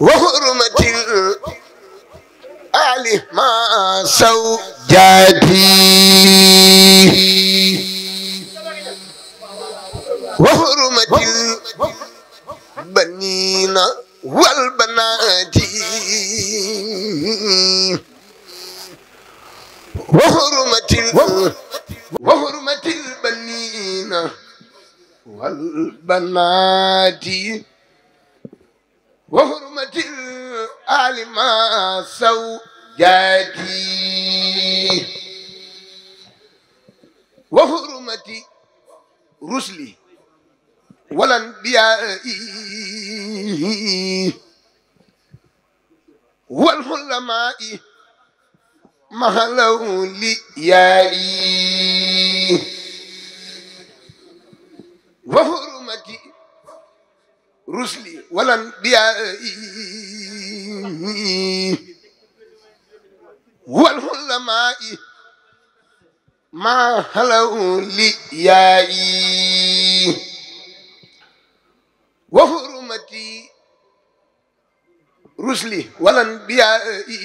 وحرمة الآل ما سوجاتي وحرمة البنين والبنات وحرمة البنين والبنات وحرمة الآل ما زوجاتي وحرمة رسلي والأنبياء والعلماء مهلولي يائي wa hurmati rusli walan biyaai wal hulamai ma halaw li yaayi wa hurmati rusli walan biyaai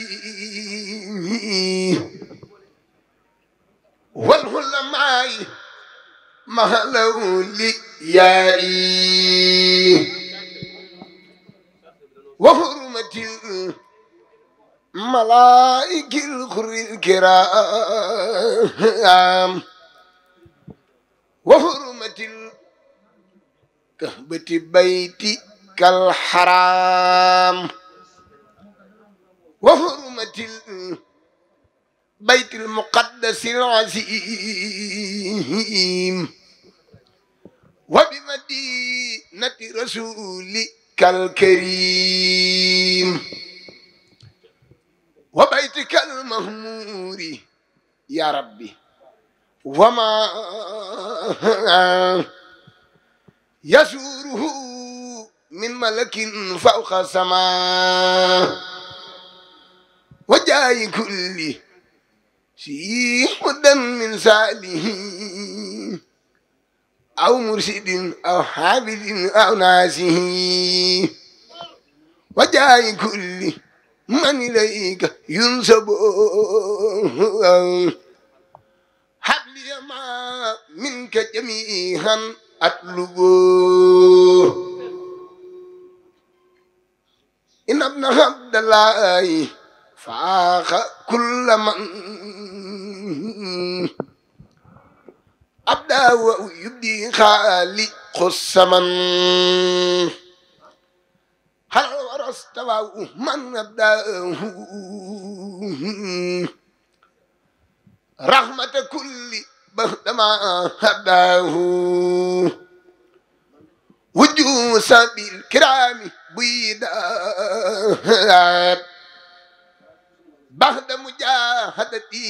wal hulamai ma halaw li yaa yi wa hurmatil malaa'ikil kiraam wa hurmatil kahbati baytikal haraam wa hurmatil baytil muqaddasil asiim وبمدينة رسولك الكريم وبيتك المهمور يا ربي وما يسوره من ملك فوق السماء وجاي كل شيء هدى من ساله أو مرشد أو حافظ أو ناسه وجاء كل من إليك ينسب حبل ما منك جميعا أطلب إن ابن عبد الله فاق كل من abda wa yubdi xaali xussaman hal warastawa man abdahu rahmata kulli bahdama abdahu wujju sabil kirami buydaat bahda mujahadati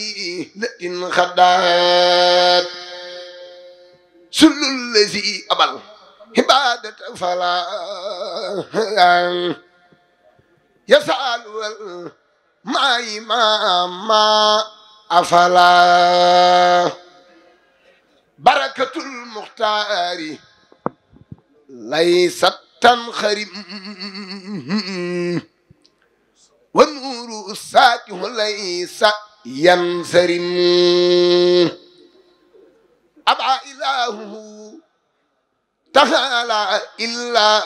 latin xadaat sullul lazi abal ibadat fala yasal wal maay ma afala barakatul muxtaari laysat tanxarim wa nuuru saatihu laysa yansarim أبعى إلهه تعالى إلا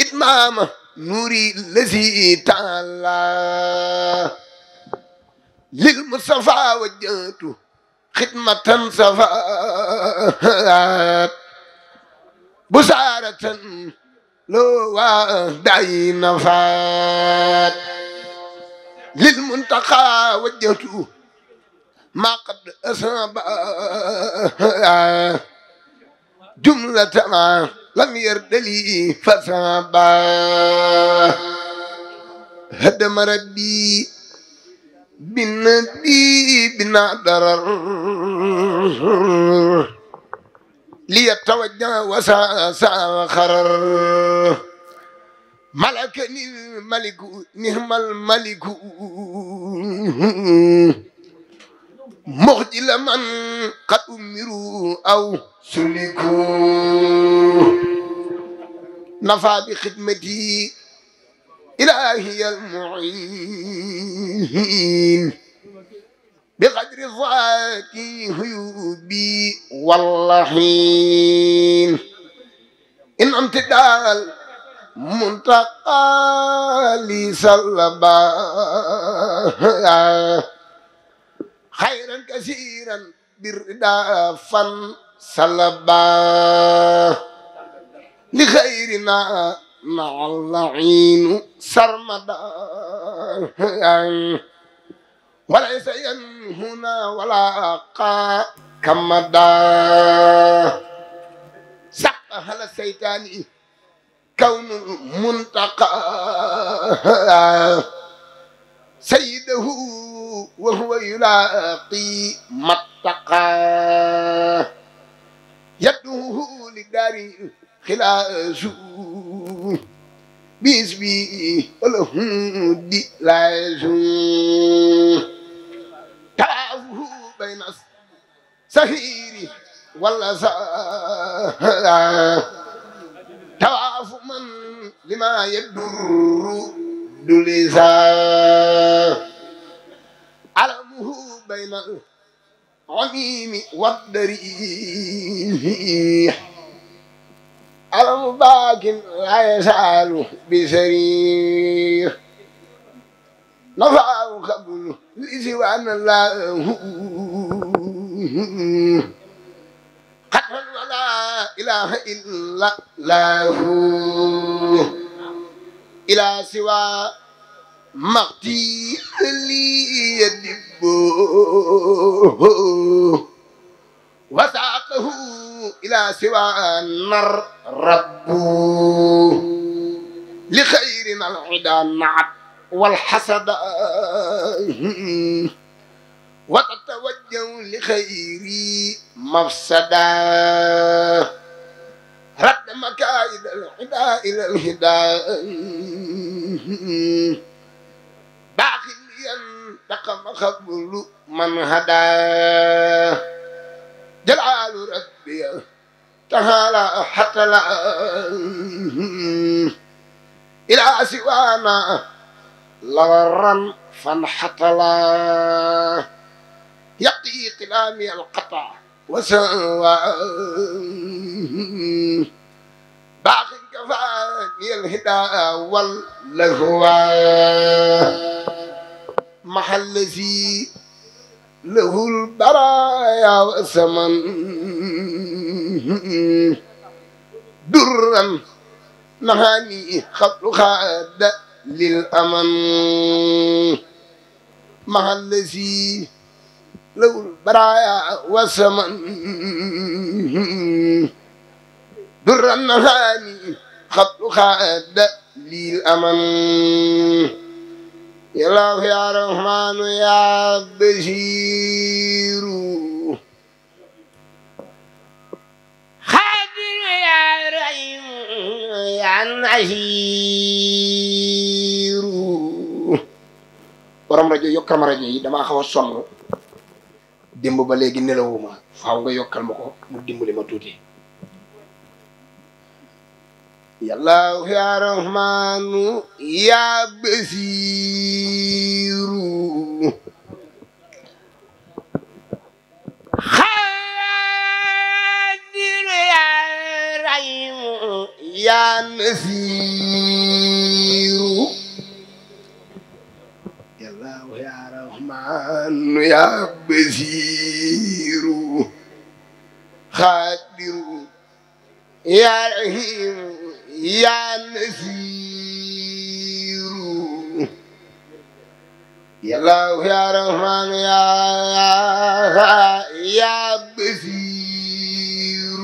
إتمام نوري الذي تعالى للمصطفى وجهته خدمة صفاء بسارة لو دعي نفات للمنتقى وجهته maqad asaba jumlatana lam yardali fasaba hadama rabbi binnabi bina darar ليتوجه وساء خرر ملكني الملك نهم الملك مخجل من قد أمروا أو سلكوا نفع بخدمتي إلهي المعين بقدر ذاتي هيوبي واللحين إن امتدال منتقى لي سلبا خيرا كثيرا بردا فن سلبا لخيرنا مع اللعين سرمدا وليس ينهنا ولا كمدا سقها الشيطان كون المنتقى سيده يلاقي ما اتقى يده للدار خلاص باسمي والهود لا يزول تراه بين السهير والأسى تواف من لما يدر دلزا بين العميم والدريح المباك لا يسأل بسرير نفعه قبل لسوان الله قدر ولا إله إلا الله إلى سواه مقتي لي يدب وساقه إلى سوى النار رب لخيرنا العدا نعت والحسد وتتوجه لخير مفسدا رد مكائد العدا إلى الهدى تقم قبل من هدى جلال ربي تعالى حتى لا إلى سوانا لورا فانحتلا يقي قلامي القطع وسوى باقي كفاني الهدى واللهوى محل في له البرايا وثمن درا نهاني خط خاد للأمن محل في له البرايا وثمن درا نهاني خط خاد للأمن يا الله يا رحمن يا بشير خادر يا رحيم يا نشير rajo yokkal ma rajo yi damaa xaw a sonn démb ba léegi nelawuma faaw nga yokkal ma ko mu dimbali ma tuuti yàlla ya rahmaanu ya basiiru xaadir ya rahimu ya nasiiru yàlla ya rahmaanu ya basiiru xaadiru يا نسير يا الله يا رحمن يا يا بصير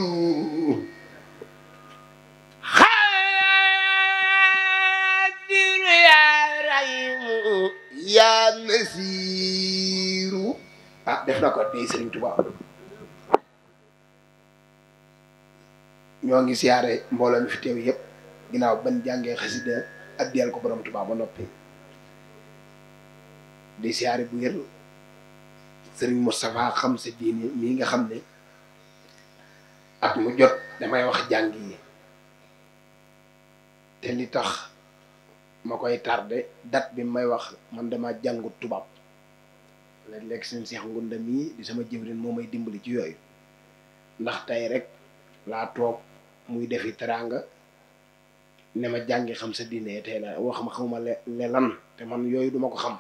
خادر يا رحيم يا نسير ah def na ko tey Serigne Touba ñoo ngi siyaare mbooloo fi teew yëpp ginnaaw ban jàngee xasida addiyal ko borom Tuubaa ba noppi di siyaare bu yër sëriñ Moustapha xam sa diine mii nga xam ne at mu jot damay wax jàng yi te li tax ma koy tarde date bi may wax man dama jàngut tubaab léeg lekk seen seex ngunda mii di sama jëwrin moo may dimbali ci yooyu ndax tey rek laa toog muy defi teraanga ne ma jàngi xam sa diine tey la wax ma xamuma le le lan te man yooyu duma ko xam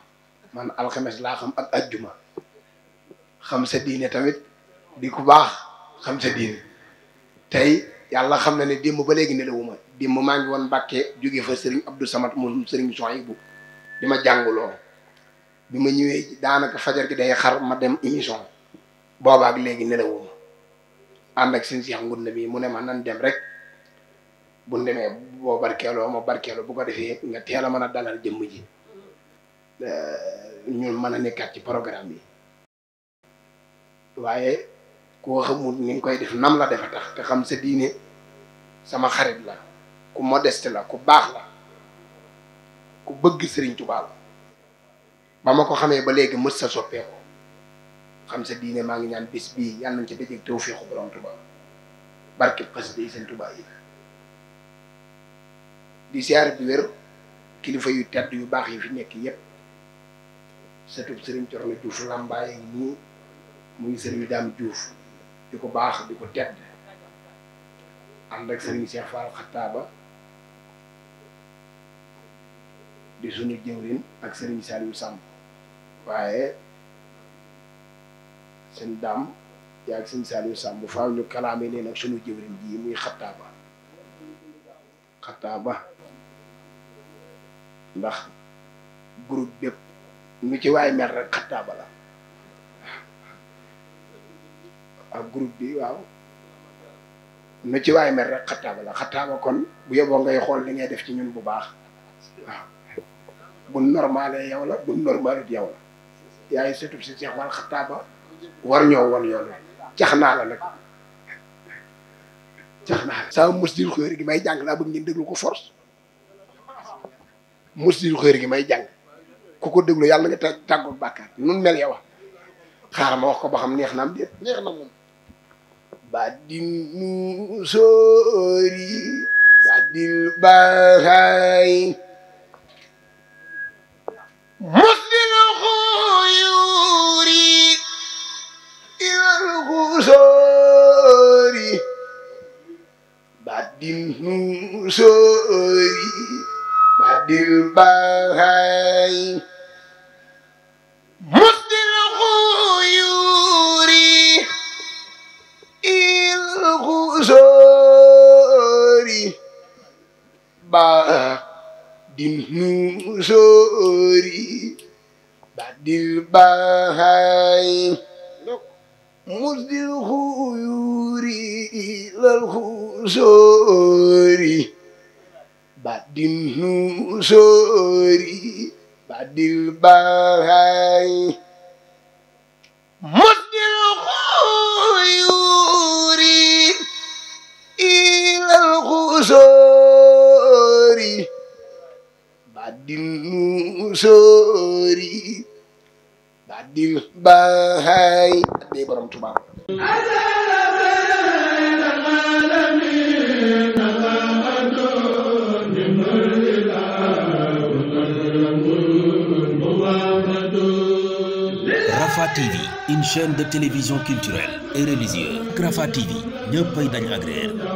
man alxemes laa xam ak ajjuma xam sa diine tamit di ku baax xam sa diine tey yàlla xam na ne démb ba léegi nelawuma démb maa ngi woon Mbàkke jógee fa Serigne Abdou Samad moom soo Souhaïbou bi ma jànguloo bi ma ñëwee daanaka fajar gi day xar ma dem émission boobaak léegi nelawuma ànd ak seen Cheikh na mi mu ne ma nan dem rek bu ñu demee boo barkeeloo ma barkeeloo bu ko defee nga teel a mën a dalal jëmm ji euh, ñun mën a nekkaat ci programme bi waaye koo xamul ni koy def nam la defa tax te xam sa diine sama xarit la ku modeste la ku baax la ku bëgg sëriñ Touba la ba ma ko xamee ba léegi mës sa soppeeku. xam sa diine maa ngi ñaan bés bii yàlla nañ ca dajeeg tawféexu borom Touba barke xasida yi seen Touba yi di siyaar bi wér kilifa yu tedd yu baax yi fi nekk yépp satub sëriñ Corona Diouf Lambaay ak nii muy sëriñ Daam Diouf di ko baax di ko tedd ànd ak sëriñ Cheikh Fall Xattaaba di sunu jëwrin ak sëriñ Saliou Samb waaye seen daam yaag seen Saliou Samb faaw ñu kalaame leen ak sunu jëwriñ ji muy xattaaba xattaaba ndax groupe bépp ak groupe bi waaw nu ci waay mer rek xattaaba la xattaaba kon bu yóbboo ngay xool li ngay def ci ñun bu baax bu normalee yow la bu normalut yow la yaay setub si Cheikh wal xattaaba war ñoo woon yoon cax naa la nag cax naa la sama musdil gi may jàng laa bëgg ngeen déglu ko force musdil xëyri gi may jàng ku ko déglu yàlla nga tà tàggoo bàkkaar nun mel yow xaaral ma wax ko ba xam neex na am déet neex na moom ba dinu sóori ba dil baxaay musdil nuusóori badil nuusóori badil bahay musdil xuyuuri il xusóori badil nuusóori badil bahay مسد الخيور إلى الخسور بعد النسور بعد البهاي مسد الخيور إلى الخسور بعد النسور بعد البهاي bii borom Tuubaa Rafah TV une chaîne de télévision culturelle et religieuse Rafah TV ñëppay dañ agréer